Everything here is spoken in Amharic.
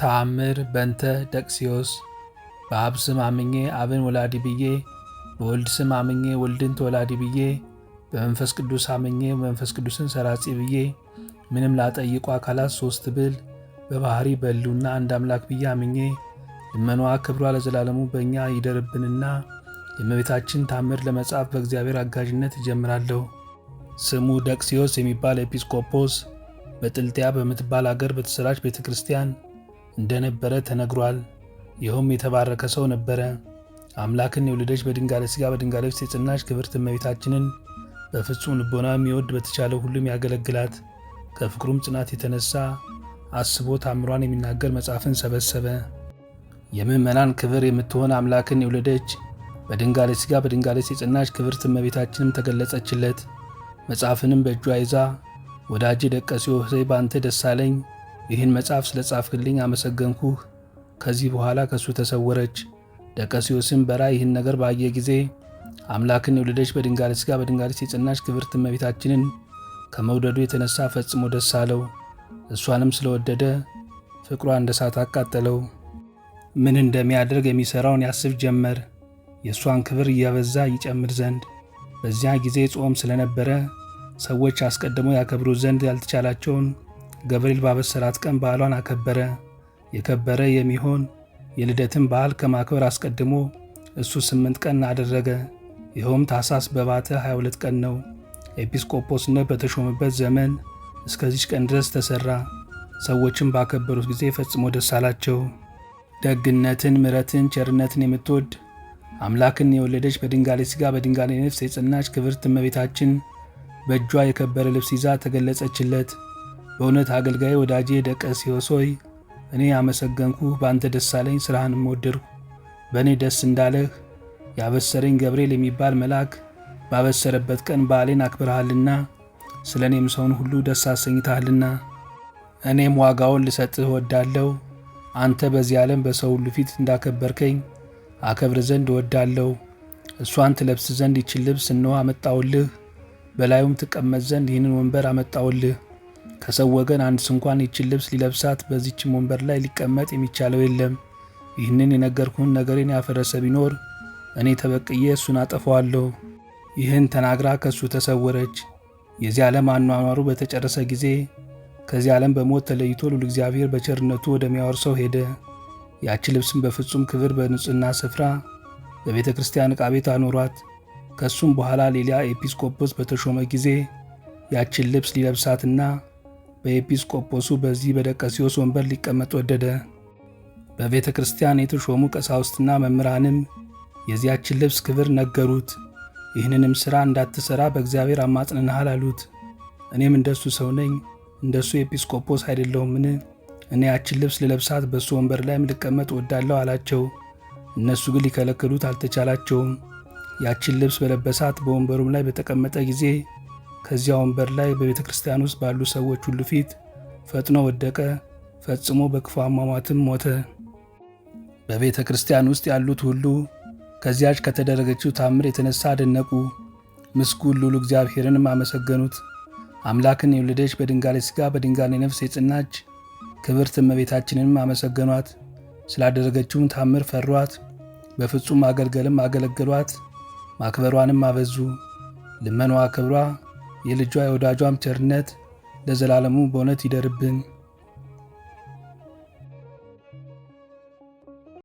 ተአምር በንተ ደቅሲዮስ በአብ ስም አምኜ አብን ወላዲ ብዬ በወልድ ስም አምኜ ወልድን ተወላዲ ብዬ በመንፈስ ቅዱስ አምኜ መንፈስ ቅዱስን ሰራጺ ብዬ ምንም ላጠይቁ አካላት ሶስት ብል በባህሪ በሉና አንድ አምላክ ብዬ አምኜ ልመኗ ክብሯ ለዘላለሙ በእኛ ይደርብንና የእመቤታችን ታምር ለመጻፍ በእግዚአብሔር አጋዥነት እጀምራለሁ። ስሙ ደቅሲዮስ የሚባል ኤጲስቆጶስ በጥልጥያ በምትባል አገር በተሰራች ቤተ ክርስቲያን እንደነበረ ተነግሯል። ይኸውም የተባረከ ሰው ነበረ። አምላክን የወለደች በድንጋለ ሥጋ በድንጋለ ነፍስ የጸናች ክብርት እመቤታችንን በፍጹም ልቦና የሚወድ በተቻለው ሁሉም ያገለግላት። ከፍቅሩም ጽናት የተነሳ አስቦ ታምሯን የሚናገር መጽሐፍን ሰበሰበ። የምዕመናን ክብር የምትሆን አምላክን የወለደች በድንጋለ ሥጋ በድንጋለ ነፍስ የጸናች ክብርት እመቤታችንም ተገለጸችለት። መጽሐፍንም በእጇ ይዛ ወዳጄ ደቀ ሲሆ ሆሴዕ በአንተ ደስ አለኝ ይህን መጽሐፍ ስለ ጻፍክልኝ አመሰገንኩህ። ከዚህ በኋላ ከእሱ ተሰወረች። ደቀሲዮስም በራ ይህን ነገር ባየ ጊዜ አምላክን የወለደች በድንጋለ ሥጋ በድንጋለ ነፍስ የጸናች ክብርት እመቤታችንን ከመውደዱ የተነሳ ፈጽሞ ደስ አለው። እሷንም ስለወደደ ፍቅሯ እንደ እሳት አቃጠለው። ምን እንደሚያደርግ የሚሠራውን ያስብ ጀመር፣ የእሷን ክብር እያበዛ ይጨምር ዘንድ። በዚያ ጊዜ ጾም ስለነበረ ሰዎች አስቀድሞ ያከብሩ ዘንድ ያልተቻላቸውን ገብርኤል ባበሰራት ቀን በዓሏን አከበረ። የከበረ የሚሆን የልደትን በዓል ከማክበር አስቀድሞ እሱ ስምንት ቀን አደረገ። ይኸውም ታሳስ በባተ 22 ቀን ነው። ኤጲስቆጶስነት በተሾመበት ዘመን እስከዚች ቀን ድረስ ተሰራ። ሰዎችም ባከበሩት ጊዜ ፈጽሞ ደስ አላቸው። ደግነትን፣ ምረትን፣ ቸርነትን የምትወድ አምላክን የወለደች በድንጋሌ ሥጋ በድንጋሌ ነፍስ የጽናች ክብርት እመቤታችን በእጇ የከበረ ልብስ ይዛ ተገለጸችለት። በእውነት አገልጋይ ወዳጄ ደቀ ሲዮስ ሆይ እኔ አመሰገንኩ፣ በአንተ ደስ አለኝ፣ ሥራህንም ወደድሁ። በእኔ ደስ እንዳለህ ያበሰረኝ ገብርኤል የሚባል መልአክ ባበሰረበት ቀን በዓሌን አክብረሃልና ስለ እኔም ሰውን ሁሉ ደስ አሰኝታሃልና እኔም ዋጋውን ልሰጥህ እወዳለሁ። አንተ በዚህ ዓለም በሰው ሁሉ ፊት እንዳከበርከኝ አከብር ዘንድ እወዳለሁ። እሷን ትለብስ ዘንድ ይችን ልብስ እነሆ አመጣውልህ፣ በላዩም ትቀመጥ ዘንድ ይህንን ወንበር አመጣውልህ። ከሰው ወገን አንድስ እንኳን ይችን ልብስ ሊለብሳት በዚችም ወንበር ላይ ሊቀመጥ የሚቻለው የለም። ይህንን የነገርኩህን ነገሬን ያፈረሰ ቢኖር እኔ ተበቅዬ እሱን አጠፋዋለሁ። ይህን ተናግራ ከእሱ ተሰወረች። የዚህ ዓለም አኗኗሩ በተጨረሰ ጊዜ ከዚህ ዓለም በሞት ተለይቶ ልዑል እግዚአብሔር በቸርነቱ ወደሚያወርሰው ሄደ። ያቺ ልብስም በፍጹም ክብር በንጽህና ስፍራ በቤተ ክርስቲያን ዕቃ ቤት አኖሯት። ከእሱም በኋላ ሌላ ኤጲስቆጶስ በተሾመ ጊዜ ያችን ልብስ ሊለብሳትና በኤጲስቆጶሱ በዚህ በደቀሲዮስ ወንበር ሊቀመጥ ወደደ። በቤተ ክርስቲያን የተሾሙ ቀሳውስትና መምህራንም የዚያችን ልብስ ክብር ነገሩት። ይህንንም ሥራ እንዳትሠራ በእግዚአብሔር አማጽንናሃል አሉት። እኔም እንደሱ ሰው ነኝ፣ እንደሱ ኤጲስቆጶስ አይደለሁምን? እኔ ያችን ልብስ ልለብሳት በእሱ ወንበር ላይም ልቀመጥ ወዳለሁ አላቸው። እነሱ ግን ሊከለክሉት አልተቻላቸውም። ያችን ልብስ በለበሳት በወንበሩም ላይ በተቀመጠ ጊዜ ከዚያ ወንበር ላይ በቤተ ክርስቲያን ውስጥ ባሉ ሰዎች ሁሉ ፊት ፈጥኖ ወደቀ፣ ፈጽሞ በክፉ አሟሟትም ሞተ። በቤተ ክርስቲያን ውስጥ ያሉት ሁሉ ከዚያች ከተደረገችው ታምር የተነሳ አደነቁ። ምስጉን ልዑል እግዚአብሔርንም አመሰገኑት። አምላክን የወለደች በድንጋሌ ሥጋ በድንጋሌ ነፍስ የጽናች ክብርት እመቤታችንንም አመሰገኗት። ስላደረገችውም ታምር ፈሯት። በፍጹም አገልገልም አገለገሏት። ማክበሯንም አበዙ። ልመኗ ክብሯ የልጇ የወዳጇም ቸርነት ለዘላለሙ በእውነት ይደርብን።